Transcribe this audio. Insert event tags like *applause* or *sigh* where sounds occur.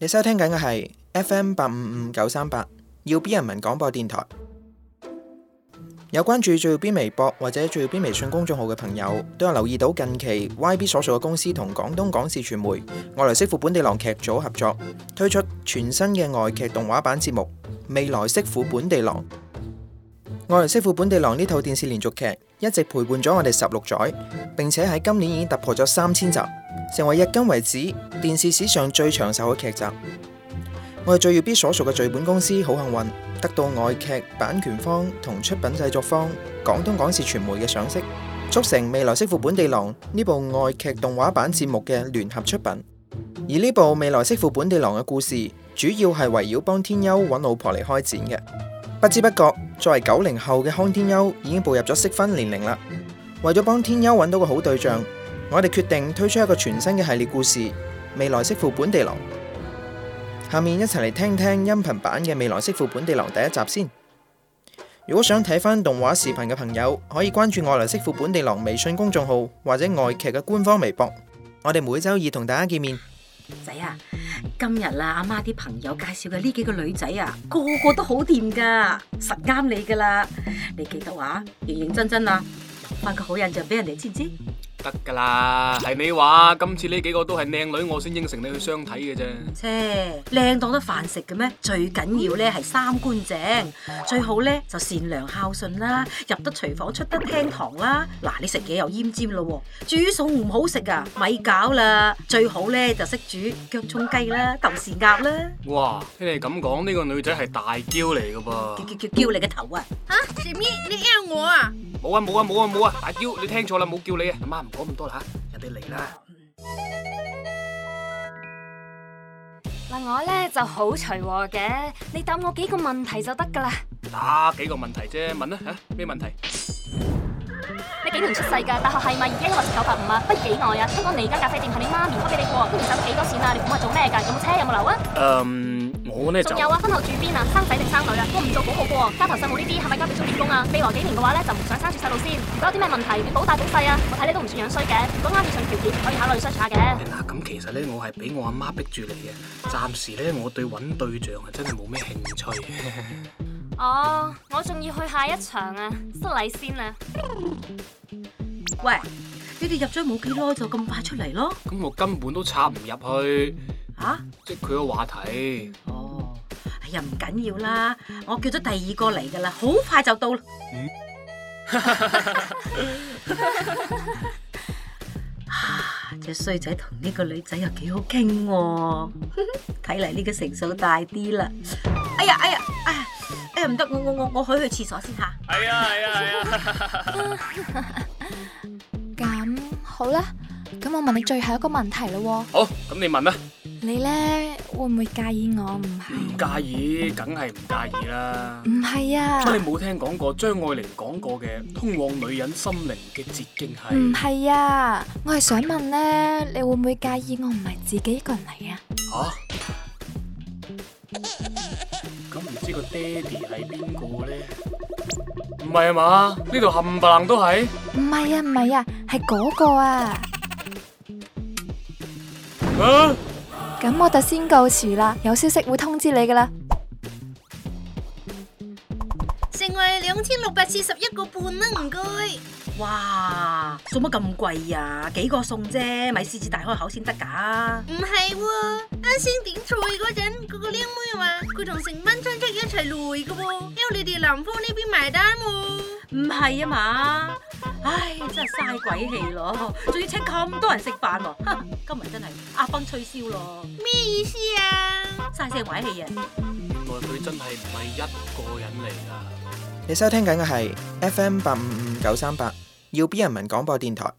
你收聽緊嘅係 FM 八五五九三八，耀 B 人民廣播電台。有關注最耀 B 微博或者最耀 B 微信公眾號嘅朋友，都有留意到近期 YB 所屬嘅公司同廣東廣視傳媒《外來媳婦本地郎》劇組合作，推出全新嘅外劇動畫版節目《未來媳婦本地郎》。《外來媳婦本地郎》呢套電視連續劇一直陪伴咗我哋十六載，並且喺今年已經突破咗三千集。成為迄今為止電視史，史上最長壽嘅劇集。我哋最耀 B 所屬嘅劇本公司好幸運，得到外劇版權方同出品製作方廣東廣視傳媒嘅賞識，促成《未來媳婦本地郎》呢部外劇動畫版節目嘅聯合出品。而呢部《未來媳婦本地郎》嘅故事，主要係圍繞幫天庥揾老婆嚟開展嘅。不知不覺，作為九零後嘅康天庥已經步入咗適婚年齡啦。為咗幫天庥揾到個好對象，我哋決定推出一個全新嘅系列故事《未來媳婦本地郎》，下面一齊嚟聽聽音頻版嘅《未來媳婦本地郎》第一集先。如果想睇翻動畫視頻嘅朋友，可以關注《外來媳婦本地郎》微信公眾號或者外劇嘅官方微博。我哋每周二同大家見面。仔啊，今日啊，阿媽啲朋友介紹嘅呢幾個女仔啊，個個都好掂噶，實啱你噶啦。你記得啊，認認真真啊，留翻個好印象俾人哋，知唔知？得噶啦，係你話今次呢幾個都係靚女，我先應承你去相睇嘅啫。切，靚當得飯食嘅咩？最緊要咧係三觀正，最好咧就善良孝順啦，入得廚房出得廳堂啦。嗱，你食嘢又奄尖咯，煮餸唔好食啊，咪搞啦。最好咧就識煮腳蔥雞啦，豆豉鴨啦。哇，聽你咁講呢個女仔係大嬌嚟噶噃？叫叫叫叫你個頭啊！吓，食咩，你呃我啊？冇啊冇啊冇啊冇啊！大嬌，你聽錯啦，冇叫你啊，阿媽唔該。講咁多啦，人哋嚟啦。嗱，我咧就好隨和嘅，你答我幾個問題就得噶啦。答、啊、幾個問題啫，問啦吓，咩、啊、問題？你幾年出世噶？大學係咪已經985啊？不如幾耐啊？聽講你間咖啡店係你媽咪開俾你嘅都唔使收咗幾多錢啊？你估係做咩噶？有冇車？有冇樓啊？嗯、um。仲有啊，婚後住邊啊？生仔定生女啊？都唔做好好過，家頭細務呢啲係咪交俾鐘點工啊？未來幾年嘅話咧，就唔想生住細路先。如果有啲咩問題？你保大保細啊？我睇你都唔算樣衰嘅。如果啱以上條件，可以考慮 search 下嘅、嗯。嗱，咁其實咧，我係俾我阿媽逼住嚟嘅。暫時咧，我對搵對象係真係冇咩興趣 *laughs* 哦，我仲要去下一場啊，失禮先啊。 *laughs* 喂，你哋入咗冇幾耐就咁快出嚟咯？咁我根本都插唔入去。啊？即係佢個話題。嗯又唔緊要啦，我叫咗第二個嚟噶啦，好快就到啦。 *laughs* 唉啊！隻衰仔同呢個女仔又幾好傾，睇嚟呢個成數大啲啦。哎呀哎呀哎！哎呀唔得、哎哎，我我我我可去，去廁所先吓。係啊係啊係啊！咁好啦。咁我問你最後一個問題啦喎。好，咁你問啦。你咧會唔會介意我唔係？唔介意，梗係唔介意啦。唔係啊。乜你冇聽講過張愛玲講過嘅通往女人心靈嘅捷徑係？唔係啊，我係想問咧，你會唔會介意我唔係自己一個人嚟啊？吓？咁唔知個爹哋係邊個咧？唔係啊嘛？呢度冚唪唥都係。唔係啊唔係啊，係嗰個啊。咁我就先告辭啦，有消息會通知你嘅啦。兩千六百四十一個半啦，唔該、啊。哇，做乜咁貴啊？幾個餸啫，咪獅子大開口先得噶。唔係、啊，啱先點菜嗰陣，嗰、嗰個靚妹話佢同成班親戚一齊嚟噶喎，要你哋男方呢邊埋單喎、啊。唔係啊嘛，唉，真係嘥鬼氣咯，仲要請咁多人食飯喎，今日真係阿崩吹簫咯。咩意思啊？嘥死鬼氣啊！原來佢真係唔係一個人嚟噶。你收聽緊嘅係 FM 八五五九三八，耀 B 人民廣播電台。